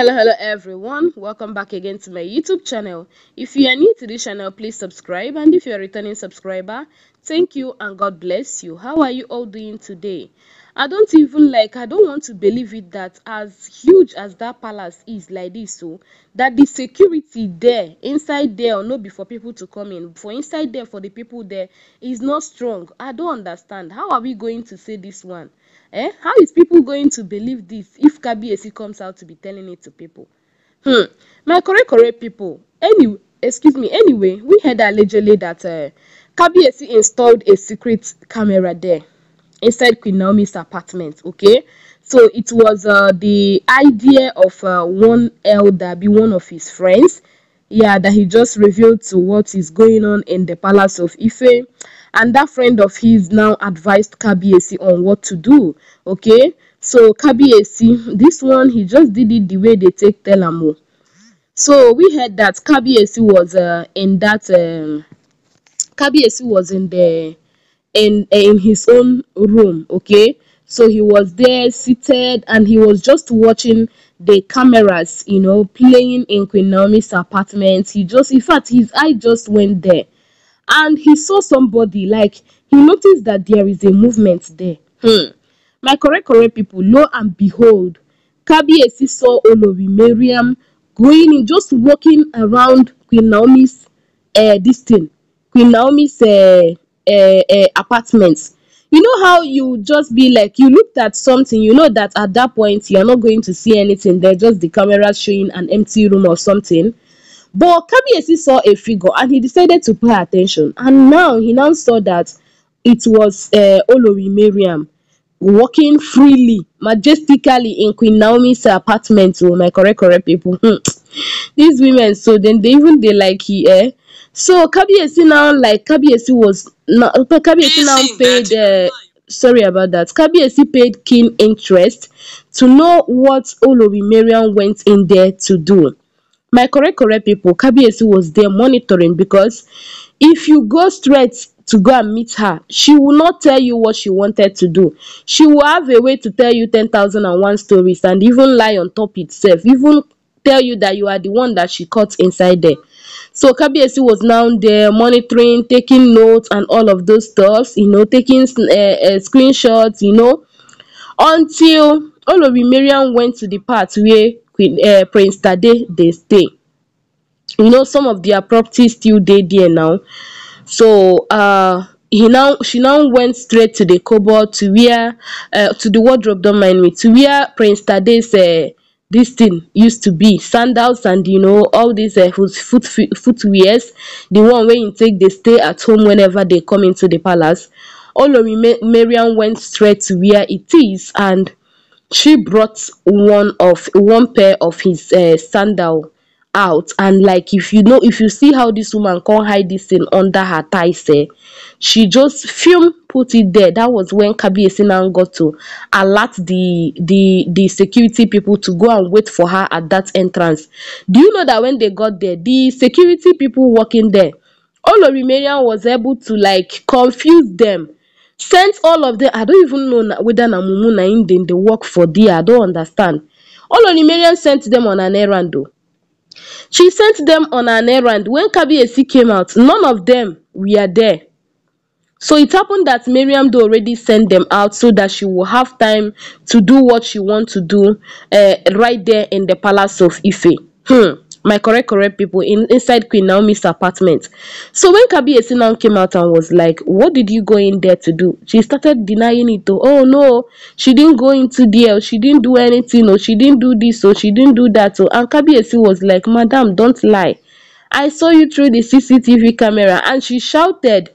hello hello everyone welcome back again to my youtube channel if you are new to this channel please subscribe and if you are a returning subscriber thank you and god bless you how are you all doing today I don't even like I don't want to believe it that as huge as that palace is like this so oh, that the security there inside there or not, before people to come in for inside there for the people there is not strong. I don't understand. How are we going to say this one? Eh? How is people going to believe this if Kabiesi comes out to be telling it to people? Hmm. My correct correct people. Anyway, excuse me. Anyway, we heard allegedly that uh, eh, Kabiesi installed a secret camera there inside Queen Naomi's apartment. Okay, so it was uh, the idea of uh, one elder, be one of his friends, yeah, that he just revealed to what is going on in the palace of Ife, and that friend of his now advised Kabiesi on what to do. Okay, so Kabiesi, this one he just did it the way they take Telamo. So we heard that Kabiesi was uh, in that. Um, Kabiesi was in the in eh, in his own room okay so he was there seated and he was just watching the cameras you know playing in queen naomi's apartment he just in fact his eye just went there and he saw somebody like he noticed that there is a movement there hmm. my correct correct people lo and behold kabiesi saw olori mariam going in just walking around queen naomi's uh, this thing queen naomi's uh, uh, uh, apartments you know how you just be like you looked at something you know that at that point you're not going to see anything They're just the camera showing an empty room or something but kabiesi saw a figure and he decided to pay attention and now he now saw that it was uh, olori miriam walking freely majestically in queen naomi's apartment oh my correct correct people hmm. these women so then they even they like he eh so Kabiyesi now, like Kabiyesi was now, Kabiyesi now paid. Uh, sorry about that. Kabiyesi paid keen interest to know what Olori Marian went in there to do. My correct, correct people, Kabiyesi was there monitoring because if you go straight to go and meet her, she will not tell you what she wanted to do. She will have a way to tell you 10,001 stories and even lie on top itself, even tell you that you are the one that she caught inside there. So Kabiesi was now there monitoring, taking notes and all of those stuffs, you know, taking uh, uh, screenshots, you know, until all you, Miriam went to the part where Queen, uh, Prince Tade they stay. You know, some of their properties still there there now. So uh he now she now went straight to the cupboard to where uh, to the wardrobe don't mind me to where prince tade's uh, this thing used to be sandals and you know all these uh, foot, foot footwears the one where you take they stay at home whenever they come into the palace Olori Mariam went straight to where it is and she brought one of one pair of his uh, sandal out and like if you know if you see how this woman can't hide this thing under her thigh, say she just film put it there that was when kabi esinan got to alert the the the security people to go and wait for her at that entrance do you know that when they got there the security people working there Olorumarian was able to like confuse them sent all of them i don't even know whether na mumu na him work for there i don't understand Olorumarian sent them on an errand o she sent them on an errand when kabiyesi came out none of them were there so it happened that Miriam Doe already sent them out so that she will have time to do what she want to do uh, right there in the palace of Ife. Hmm. My correct, correct people in inside Queen Naomi's apartment. So when Kabi Esinam came out and was like, What did you go in there to do? She started denying it. oh no, she didn't go into deal. she didn't do anything, or she didn't do this, or she didn't do that. Or, and Kabi Esin was like, Madam, don't lie. I saw you through the CCTV camera, and she shouted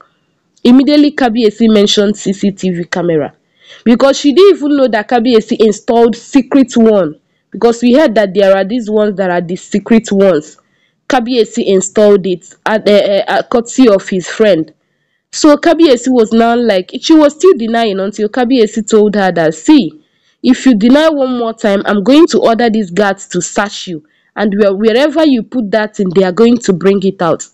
Immediately, Kabiesi mentioned CCTV camera because she didn't even know that Kabiesi installed secret one because we heard that there are these ones that are the secret ones. Kabiesi installed it at, uh, courtesy of his friend. So Kabiesi was now like, she was still denying until Kabiesi told her that, see, if you deny one more time, I'm going to order these guards to search you. And wherever you put that in, they are going to bring it out.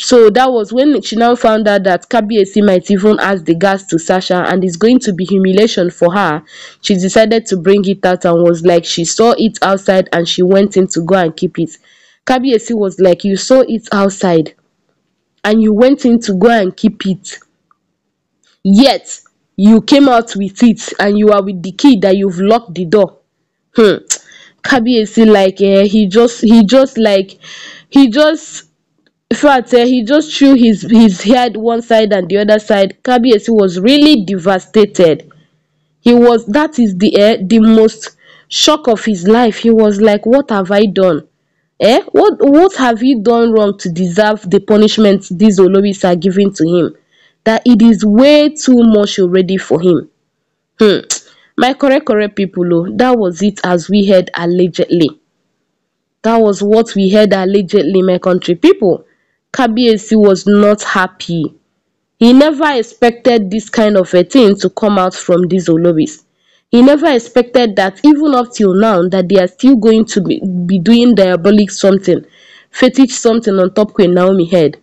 So that was when she now found out that Kabiesi might even ask the gas to Sasha and it's going to be humiliation for her. She decided to bring it out and was like she saw it outside and she went in to go and keep it. Kabiesi was like, you saw it outside and you went in to go and keep it. Yet, you came out with it and you are with the key that you've locked the door. Hmm. Kabiesi like, eh, he just, he just like, he just fact eh, he just threw his his head one side and the other side kabiyesi was really devastated he was that is the eh, the most shock of his life he was like what have i done eh what what have you done wrong to deserve the punishment these oloris are giving to him that it is way too much already for him hmm my correct correct people oh that was it as we heard allegedly that was what we heard allegedly my country people Kabiyesi was not happy. He never expected this kind of a thing to come out from these Olobis. He never expected that even up till now that they are still going to be, be doing diabolic something, fetish something on top Queen Naomi head.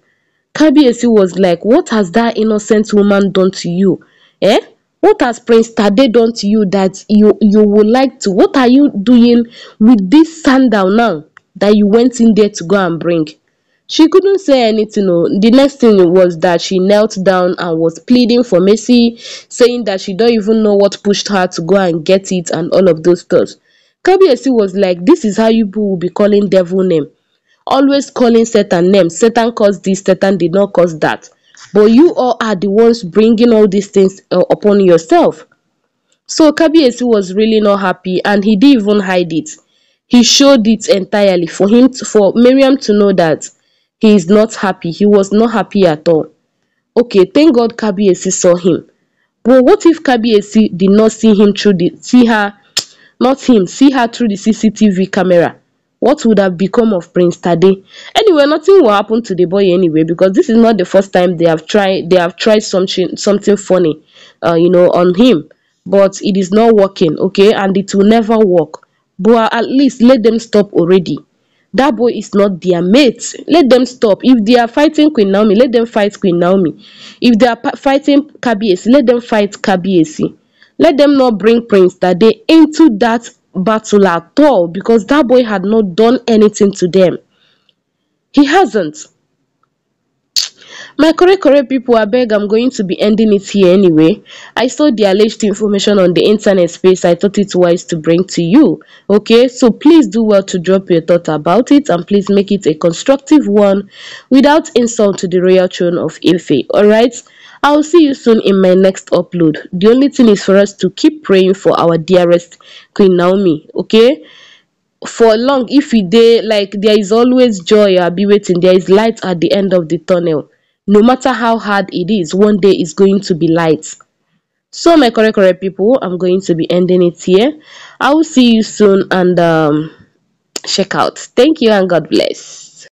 Kabiyesi was like, what has that innocent woman done to you? Eh? What has Prince Tade done to you that you, you would like to? What are you doing with this sandal now that you went in there to go and bring? She couldn't say anything. Oh. The next thing was that she knelt down and was pleading for mercy, saying that she don't even know what pushed her to go and get it and all of those stuff. Kabiesi was like, this is how you will be calling devil name. Always calling Satan name. Satan caused this, Satan did not cause that. But you all are the ones bringing all these things uh, upon yourself. So Kabiesi was really not happy and he didn't even hide it. He showed it entirely for him to, for Miriam to know that he is not happy. He was not happy at all. Okay, thank God Kabiesi saw him. But what if Kabiesi did not see him through the see her not him, see her through the CCTV camera? What would have become of Prince Tade? Anyway, nothing will happen to the boy anyway because this is not the first time they have tried they have tried something something funny, uh, you know, on him. But it is not working, okay, and it will never work. But at least let them stop already that boy is not their mate let them stop if they are fighting queen naomi let them fight queen naomi if they are fighting kbac let them fight kbac let them not bring prince that they into that battle at all because that boy had not done anything to them he hasn't my correct correct people, i'm going to be ending it here anyway i saw the alleged information on the internet space i thought it wise to bring to you okay so please do well to drop your thought about it and please make it a constructive one without insult to the royal throne of ife all right I'll see you soon in my next upload. The only thing is for us to keep praying for our dearest Queen Naomi, okay? for long if we day like there is always joy I'll be waiting. there is light at the end of the tunnel no matter how hard it is, one day is going to be light. So my correct correct people, I'm going to be ending it here. I will see you soon and um, check out. Thank you and God bless.